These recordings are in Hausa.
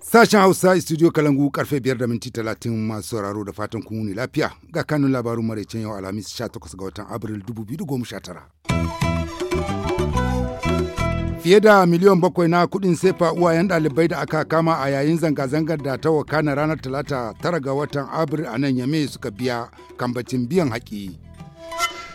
Sashen Hausa studio Kalangu karfe 5 da minti 30 masu sauraro da fatan kun wuni lafiya ga kanun labarun maraicen yau Alhamis 18 ga watan Abril 2019. Fiye da miliyan bakwai na kuɗin sefa uwayen ɗalibai da aka kama a yayin zanga-zangar da ta wakana ranar Talata tara ga watan abril a nan Yame suka biya kambacin biyan haƙi.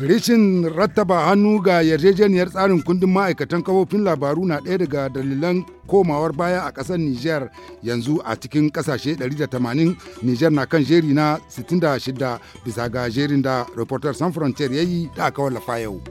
Rishin rattaba hannu ga yarjejeniyar tsarin kundin ma'aikatan kafofin labaru na ɗaya daga dalilan komawar baya a ƙasar niger yanzu a cikin ƙasashe 180 niger na kan jeri na 66 bisa ga jerin da reporter Sans Frontier ya yi da aka wallafa yau.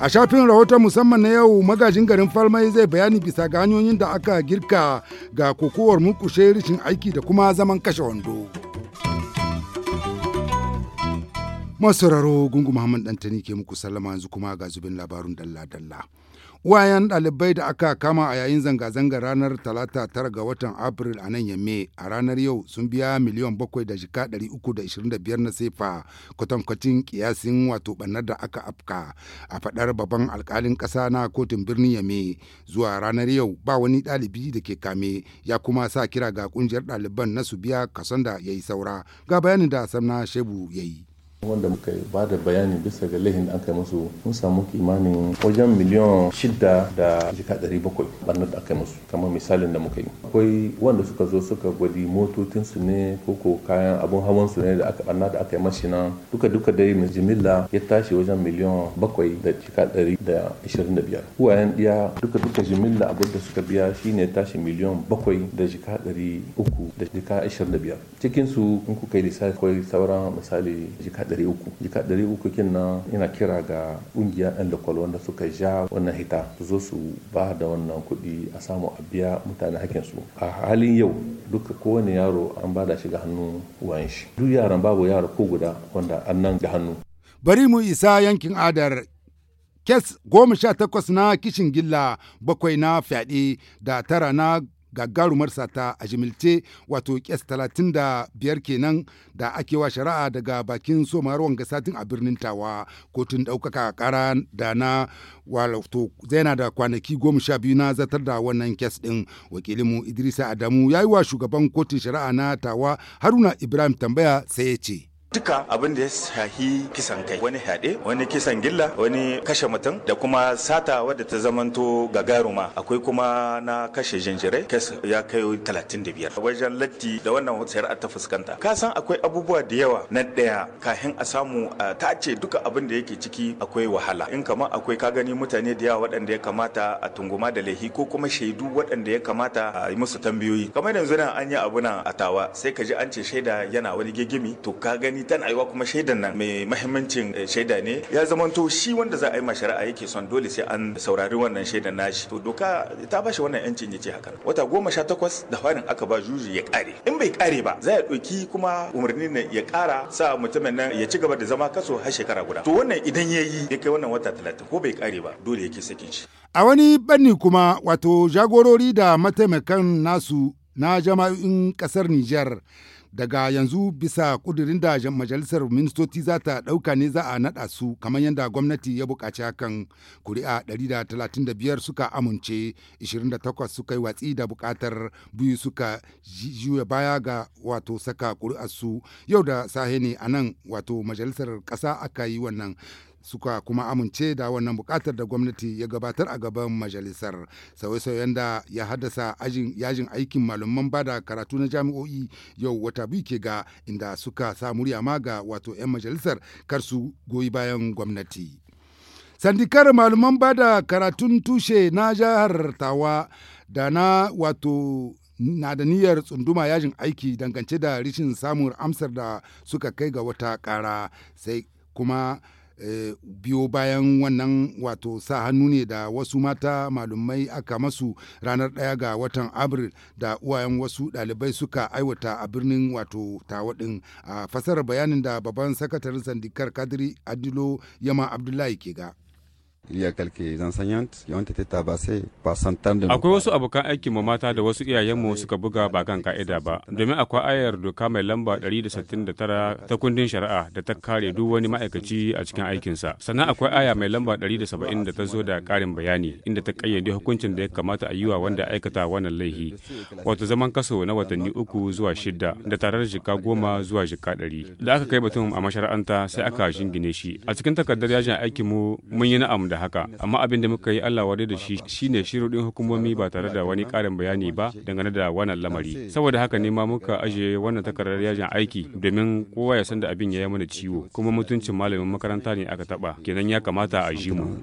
A shafin rahoton musamman na yau magajin garin Falmai zai bayani bisa ga hanyoyin da aka girka ga kokowar murkushe rashin aiki da kuma zaman kashe wando. Masu raro gungu Muhammad Dantani ke muku sallama yanzu kuma ga zubin labarun dalla-dalla. Wayan ɗalibai da aka kama a yayin zanga-zangar ranar talata tara ga watan Afril a nan yamme a ranar yau sun biya miliyan bakwai da shika ɗari uku da ishirin da biyar na sefa kwatankwacin kiyasin wato ɓannar da aka afka a faɗar babban alkalin ƙasa na kotun birnin yamme zuwa ranar yau ba wani ɗalibi da ke kame ya kuma sa kira ga ƙungiyar ɗaliban na su biya kason da ya yi saura ga bayanin da samna shebu ya yi. wanda muka ba da bayani bisa ga lahin da aka musu mun samu kimanin wajen miliyan shida da jika ɗari bakwai ɓarnar da aka yi musu kamar misalin da muka yi akwai wanda suka zo suka gwadi motocinsu ne ko ko kayan abun hawan su ne da aka ɓarna da aka yi mashi nan duka duka dai mai jimilla ya tashi wajen miliyan bakwai da jika ɗari da ishirin da biyar uwayen ɗiya duka duka jimilla abin da suka biya shine tashi miliyan bakwai da jika ɗari uku da jika ishirin da biyar cikinsu in kuka yi lissafi akwai sauran misali jika ɗari uku jika ɗari uku kin nan ina kira ga ƙungiyar ɗan lakwal wanda suka ja wannan hita su zo su ba da wannan kuɗi a samu a biya mutane hakin su a halin yau duka kowane yaro an ba da shi ga hannu uwan shi duk yaran babu yaro ko guda wanda an nan ga hannu bari mu isa yankin adar kes goma sha takwas na kishin gilla bakwai na fyaɗe da tara na gagarumar sata ta jimilce wato kes 35 kenan da ake wa shari'a daga bakin somawar wanga satin a birnin tawa kotun ɗaukaka kara da na wato zaina da kwanaki goma sha biyu na zartar da wannan kes din wakilinmu idrisa adamu ya yi wa shugaban kotun shari'a na tawa haruna ibrahim tambaya sai ya ce duka abin da ya shahi kisan kai wani haɗe wani kisan gilla wani kashe mutum da kuma sata wadda ta zamanto gagaruma akwai kuma na kashe jinjirai kes ya kai 35 wajen latti da wannan sayar ta fuskanta ka san akwai abubuwa da yawa na ɗaya kahin a samu ta ce duka abin da yake ciki akwai wahala in kama akwai ka gani mutane da yawa waɗanda ya kamata a tunguma da laihi ko kuma shaidu waɗanda ya kamata a yi musu tambayoyi kamar yanzu nan an yi abu na a tawa sai ka ji an ce shaida yana wani gigimi to ka gani tan aiwa kuma shaidan nan mai mahimmancin eh, shaida ne ya zamanto shi wanda za a yi shari'a yake son dole sai an saurari wannan shaidan nashi to doka ta bashi wannan yancin ya ce haka wata goma sha takwas da farin aka ba juju ya kare in bai kare ba za ya ɗauki kuma umarni ne ya kara sa mutumin nan ya ci gaba da zama kaso har shekara guda to wannan idan yayi. ya kai wannan wata talatin ko bai kare ba dole yake sakin shi a wani banni kuma wato jagorori da mataimakan nasu na jama'in kasar Nijar daga yanzu bisa kudirin da majalisar ministoci za ta ɗauka ne za a naɗa su kamar yadda gwamnati ya bukaci hakan kuri'a 135 suka amince 28 suka yi watsi da bukatar biyu suka juya baya ga wato saka su yau da sahe ne a nan wato majalisar kasa aka yi wannan suka kuma amince da wannan bukatar da gwamnati ya gabatar a gaban majalisar sauye-sauyen da ya haddasa yajin aikin malaman bada karatu na jami'o'i yau wata biyu ke ga inda suka sa murya ma ga wato 'yan majalisar kar su goyi bayan gwamnati sandikar malaman bada karatun tushe na jihar tawa da na wato na da niyyar tsunduma yajin aiki dangance da rishin samun amsar da suka kai ga wata kara sai kuma Eh, biyo bayan wannan wato sa hannu ne da wasu mata malumai aka masu ranar ɗaya ga watan abril da uwayen wasu ɗalibai suka aiwata a birnin wato tawaɗin a fasarar bayanin da babban sakataren sandikar kadiri adilo yama abdullahi ke ga. Akwai wasu abokan aikin mu mata da wasu iyayenmu suka buga ba kan ka'ida ba, domin akwai ayar doka mai lamba 169 ta kundin shari'a da ta kare duk wani ma'aikaci a cikin aikinsa. Sannan akwai aya mai lamba 170 da ta zo da karin bayani, inda ta kayyade hukuncin da ya kamata a yi wa wanda aikata wannan laifi, wato zaman kaso na watanni uku zuwa shida da tarar jika goma zuwa jika ɗari. Da aka kai batun a masharanta sai aka shingine shi. A cikin takardar yajin mu mun yi na na'am da haka amma abin da muka yi Allah wadai da shi shine shirudin hukumomi ba tare da wani karin bayani ba dangane da wannan lamari saboda haka ne ma muka ajiye wannan takardar yajin aiki domin kowa ya san da abin ya yi mana ciwo kuma mutuncin malamin makaranta ne aka taba kenan ya kamata a ji mu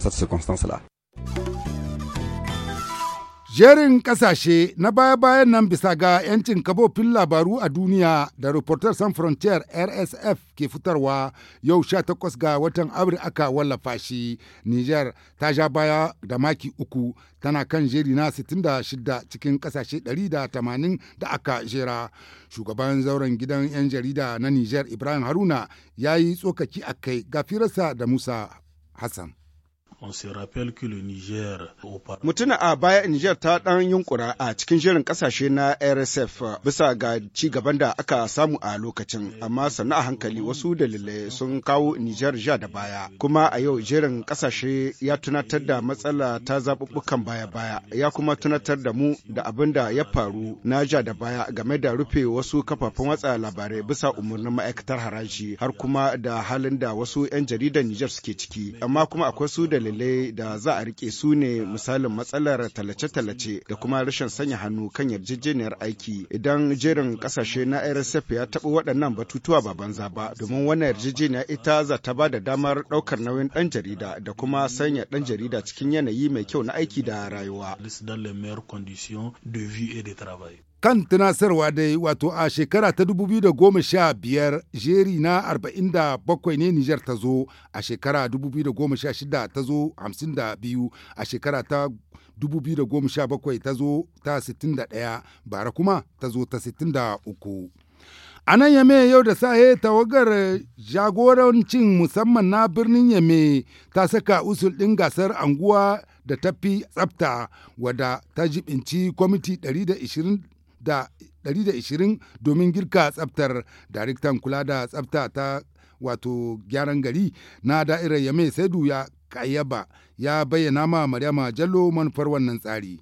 Jerin ƙasashe na baya-bayan nan bisa ga 'yancin kabofin labaru a duniya da reporter San Frontier RSF ke fitarwa yau 18 ga watan Abril aka wallafa shi. Niger ta ja baya da maki uku tana kan jeri na 66 cikin kasashe 180 da aka jera. Shugaban zauren gidan 'yan jarida na Niger Ibrahim Haruna ya yi tsokaci a kai gafirarsa da Musa Hassan. Mutuna a baya Niger ta ɗan yunkura a cikin jerin kasashe na RSF bisa ga ci gaban da aka samu a lokacin, amma sannu a hankali wasu dalilai sun kawo Niger ja da baya. Kuma a yau jerin kasashe ya tunatar da matsala ta zaɓuɓɓukan baya-baya, ya kuma tunatar da mu da abin da ya faru na ja da baya game da rufe wasu kafafen watsa labarai bisa umarnin ma'aikatar haraji har kuma da halin da wasu 'yan jaridar Niger suke ciki, amma kuma akwai su dalilai dalilai da za a rike su ne misalin matsalar tallace-tallace da kuma rashin sanya hannu kan yarjejeniyar aiki idan jerin kasashe na rsf ya taɓa waɗannan batutuwa ba banza ba domin wannan yarjejeniya ita za ta ba da damar ɗaukar nauyin ɗan jarida da kuma sanya ɗan jarida cikin yanayi mai kyau na aiki da rayuwa. kan tunasarwa dai wato a shekara ta 2015 jeri na 47 ne Nijar ta zo a shekara 2016 ta zo 52 a shekara ta 2017 ta zo ta 61 bara kuma ta zo ta 63. A nan Yame yau da sahe tawagar jagorancin musamman na birnin Yame ta saka usul ɗin gasar anguwa da tafi tsafta wadda ta jibinci kwamiti 120 da 120 domin girka tsaftar daraktan kula da tsafta ta wato gyaran gari na da'irar yame saidu ya kayyaba ya bayyana ma maryama jallo manufar wannan tsari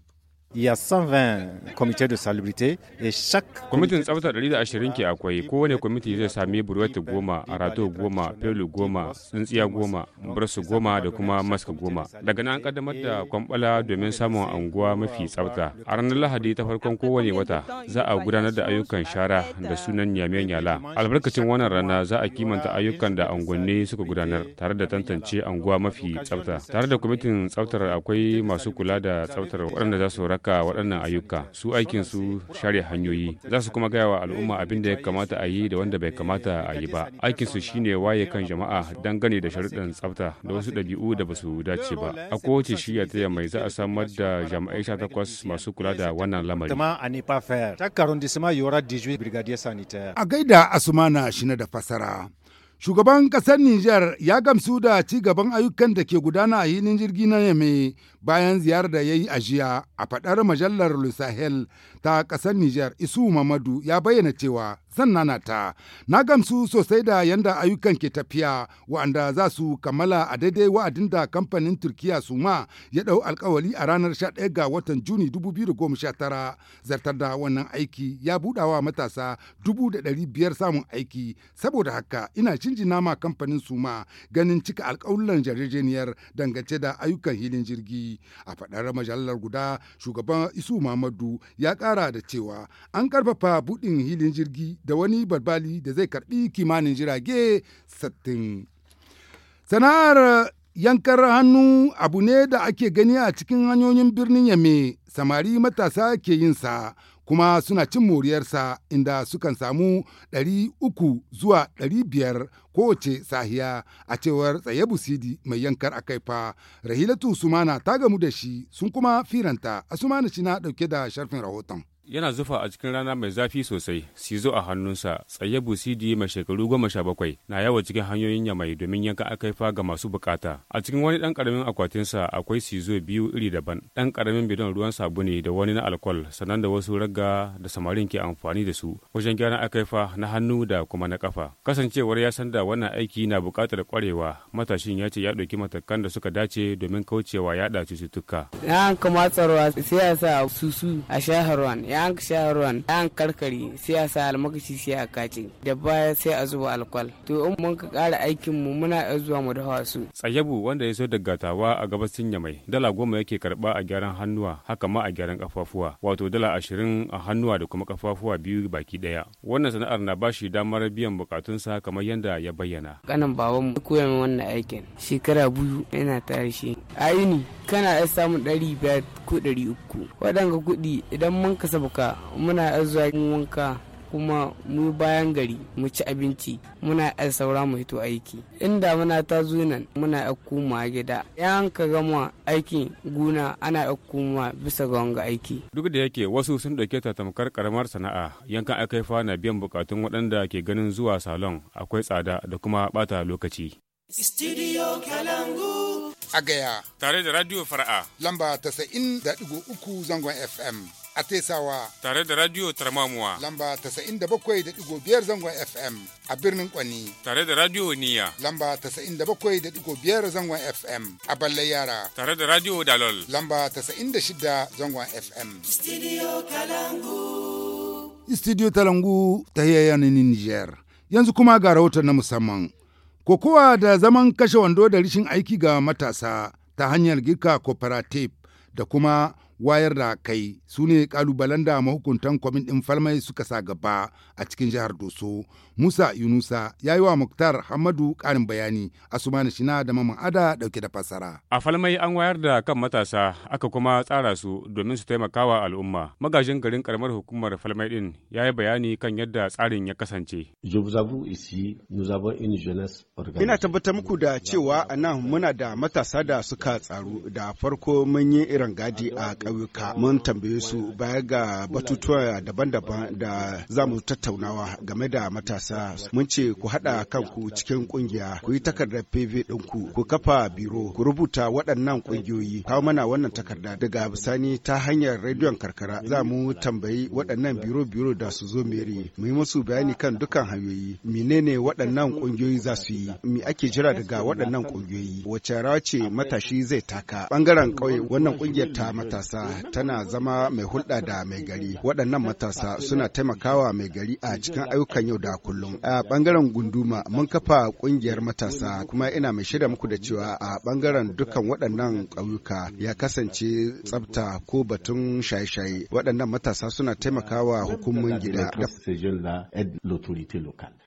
Il y a 120 comités de salubrité et chaque kwamitin tsafta 120 ke akwai kowane kwamiti zai sami burwata goma arato goma pelu goma tsintsiya goma bursu goma da kuma mask goma daga nan an kaddamar da kwambala domin samun anguwa mafi tsafta a ranar lahadi ta farkon kowane wata za a gudanar da ayyukan shara da sunan nyame nyala albarkacin wannan rana za a kimanta ayyukan da unguwanni suka gudanar tare da tantance anguwa mafi tsafta tare da kwamitin tsaftar akwai masu kula da tsaftar waɗanda za su haka waɗannan ayyuka su aikinsu share hanyoyi za su kuma gaya wa al'umma abin da ya kamata a yi da wanda bai kamata a yi ba aikinsu shine waye kan jama'a don gani da sharuɗan tsafta da wasu ɗabi'u da ba su dace ba a kowace shirya ta mai za a samar da jami'ai sha takwas masu kula da wannan lamari. a gaida asumana shine da fasara. Shugaban ƙasar Nijar ya gamsu da ci gaban ayyukan da ke gudana a yinin jirgi na Yame bayan ziyarar da ya yi a jiya a faɗar majalar Lusahel ta ƙasar Nijar Isu Mamadu ya bayyana cewa Sannana ta, na gamsu sosai da yanda ayyukan ke tafiya wa'anda za su kammala a daidai wa'adin da kamfanin turkiya su ma ya ɗau alkawali a ranar 11 ga watan juni 2019 zartar da wannan aiki ya buɗawa matasa 500,000 samun aiki saboda haka ina jinjina ma kamfanin su ma ganin cika alkawulan jarjejeniyar dangance da ayyukan hilin jirgi a faɗar majalar guda shugaban isu mamadu ya ƙara da cewa an ƙarfafa buɗin hilin jirgi da wani balbali da zai karbi kimanin jirage 60. Sana'ar yankar hannu abu ne da ake gani a cikin hanyoyin birnin Yame, samari matasa ke yin sa kuma suna cin moriyarsa inda sukan samu 300 zuwa 500 kowace sahiya a cewar tsaye busidi mai yankar akaifa rahilatu sumana ta gamu da shi sun kuma firanta a sumana shi na dauke da sharfin rahoton yana zufa a cikin rana mai zafi sosai sizo a hannunsa tsaye busidi mai shekaru goma sha bakwai na yawa cikin hanyoyin yamai domin yanka akaifa ga masu bukata a cikin wani dan karamin akwatinsa akwai sizo biyu iri daban dan karamin bidon ruwan sabuni da wani na alkol sannan da wasu ragga da samarin ke amfani da su wajen gyaran akaifa na hannu da kuma na kafa kasancewar ya san da wannan aiki na bukatar kwarewa matashin ya ce ya dauki matakan da suka dace domin kaucewa yada cututtuka. Ya kuma sai siyasa sa susu a shaharwan ya an sha ruwan ya an karkari sai a sa almakashi sai a kaci da baya sai a zuba alkwal to in mun ka kara aikin mu muna iya zuwa mu da hawasu tsayabu wanda ya so da gatawa a gabasin yamai dala goma yake karba a gyaran hannuwa haka ma a gyaran kafafuwa wato dala ashirin a hannuwa da kuma kafafuwa biyu baki daya wannan sana'ar na bashi damar biyan bukatunsa kamar yadda ya bayyana kanan baban koya min wannan aikin shekara biyu yana tare shi a kana iya samun ɗari biyar ko ɗari uku waɗanga kuɗi idan mun kasa buka muna zuwa wanka kuma mu bayan gari mu ci abinci muna yan saura mu hito aiki inda muna ta nan muna yan kuma gida yan ka gama aikin guna ana yan kuma bisa ga wanga aiki duk da yake wasu sun dauke ta tamkar karamar sana'a yankan akaifa na biyan bukatun waɗanda ke ganin zuwa salon akwai tsada da kuma bata lokaci studio kalangu a gaya tare da radio fara'a lamba 93.3 zangon fm a tesawa. Tare da Radio Tarmamuwa. Lamba 97.5 zangon FM a birnin Kwani. Tare da Radio Niya. Lamba 97.5 zangon FM a ballai Yara. Tare da Radio Dalol. Lamba 96 zangon FM. Studio Kalangu. Studio Talangu ta yanin Niger. Yanzu kuma ga rahoton na musamman. Kokowa da zaman kashe wando da rishin aiki ga matasa ta hanyar girka cooperative da kuma wayar da kai su ne kalubalen da mahukuntan kwamin ɗin falmai suka sa gaba a cikin jihar doso musa yunusa ya yi wa muktar hamadu ƙarin bayani asumani shina da mamman ada ɗauke da fassara a falmai an wayar da kan matasa aka kuma tsara su domin su taimakawa al'umma magajin garin karamar hukumar falmai ɗin ya yi bayani kan yadda tsarin ya kasance ina tabbatar muku da cewa a nan muna da matasa da suka tsaru da farko mun yi irin gadi a ƙauyuka mun tambaye su baya ga batutuwa daban-daban da za mu tattaunawa game da matasa mun ce ku haɗa kanku cikin ƙungiya ku yi takardar pv ɗinku ku kafa biro ku rubuta waɗannan ƙungiyoyi kawo mana wannan takarda daga bisani ta hanyar rediyon karkara za mu tambayi waɗannan biro-biro da su zo mere mu yi musu bayani kan dukkan hanyoyi menene waɗannan ƙungiyoyi za su yi me ake jira daga waɗannan ƙungiyoyi wace rawa ce matashi zai taka ɓangaren ƙauye wannan ƙungiyar ta matasa matasa tana zama mai hulɗa da mai gari. Waɗannan matasa suna taimakawa mai gari a cikin ayyukan yau da kullum. A ɓangaren gunduma mun kafa ƙungiyar matasa kuma ina mai shirya muku da cewa a ɓangaren dukkan waɗannan ƙauyuka ya kasance tsafta ko batun shaye-shaye. Waɗannan matasa suna taimakawa hukumomin gida.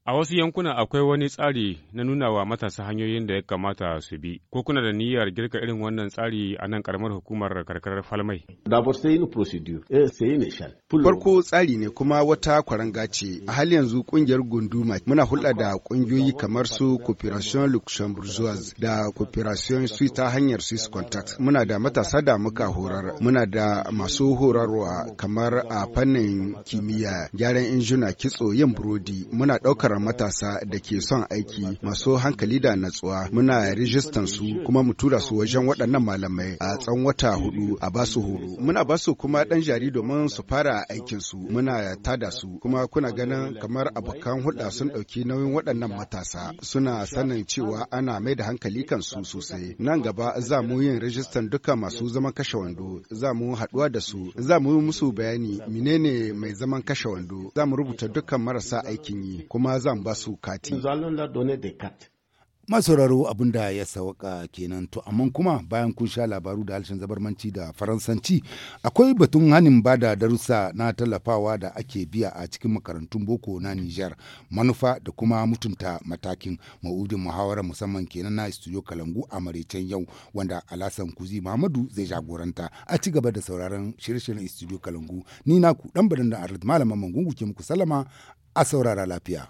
A wasu yankuna akwai wani tsari na nuna wa matasa hanyoyin da ya kamata su bi. Ko kuna da niyyar girka irin wannan tsari a nan karamar hukumar karkarar Falmai? kawai. Eh, Farko tsari ne kuma wata kwaranga ce a hali yanzu kungiyar gunduma muna hulɗa da ƙungiyoyi kamar su Cooperation Luxembourgeoise da Cooperation Suisse ta hanyar Swiss Contact. Muna da matasa da muka horar, muna da masu horarwa kamar a fannin kimiyya, gyaran injuna kitso yin burodi, muna ɗaukar matasa da ke son aiki masu hankali da natsuwa, muna rijistan su kuma mu tura su wajen waɗannan malamai a tsawon wata hudu a basu horo muna ba su kuma ɗan jari domin su fara aikin su muna tada su kuma kuna ganin kamar abokan hulɗa sun ɗauki nauyin waɗannan matasa suna sanin cewa ana mai da hankali kan su sosai nan gaba za mu yin rajistan duka masu zaman kashe wando za mu haɗuwa da su za mu yi musu bayani menene mai zaman kashe wando za mu rubuta dukkan marasa aikin yi kuma za mu ba su kati. masauraro abin da ya sauka kenan to amma kuma bayan kun sha labaru da harshen zabarmanci da faransanci akwai batun hanin ba da darussa na tallafawa da ake biya a cikin makarantun boko na niger manufa da kuma mutunta matakin ma'udin muhawara musamman kenan na studio Kalangu a maraicen yau wanda Alasan Kuzi Muhammadu zai jagoranta a ci gaba da sauraron shirye-shiryen studio Kalangu ni na ku dan badan da Arlit malaman Mangungu ke muku sallama a saurara lafiya.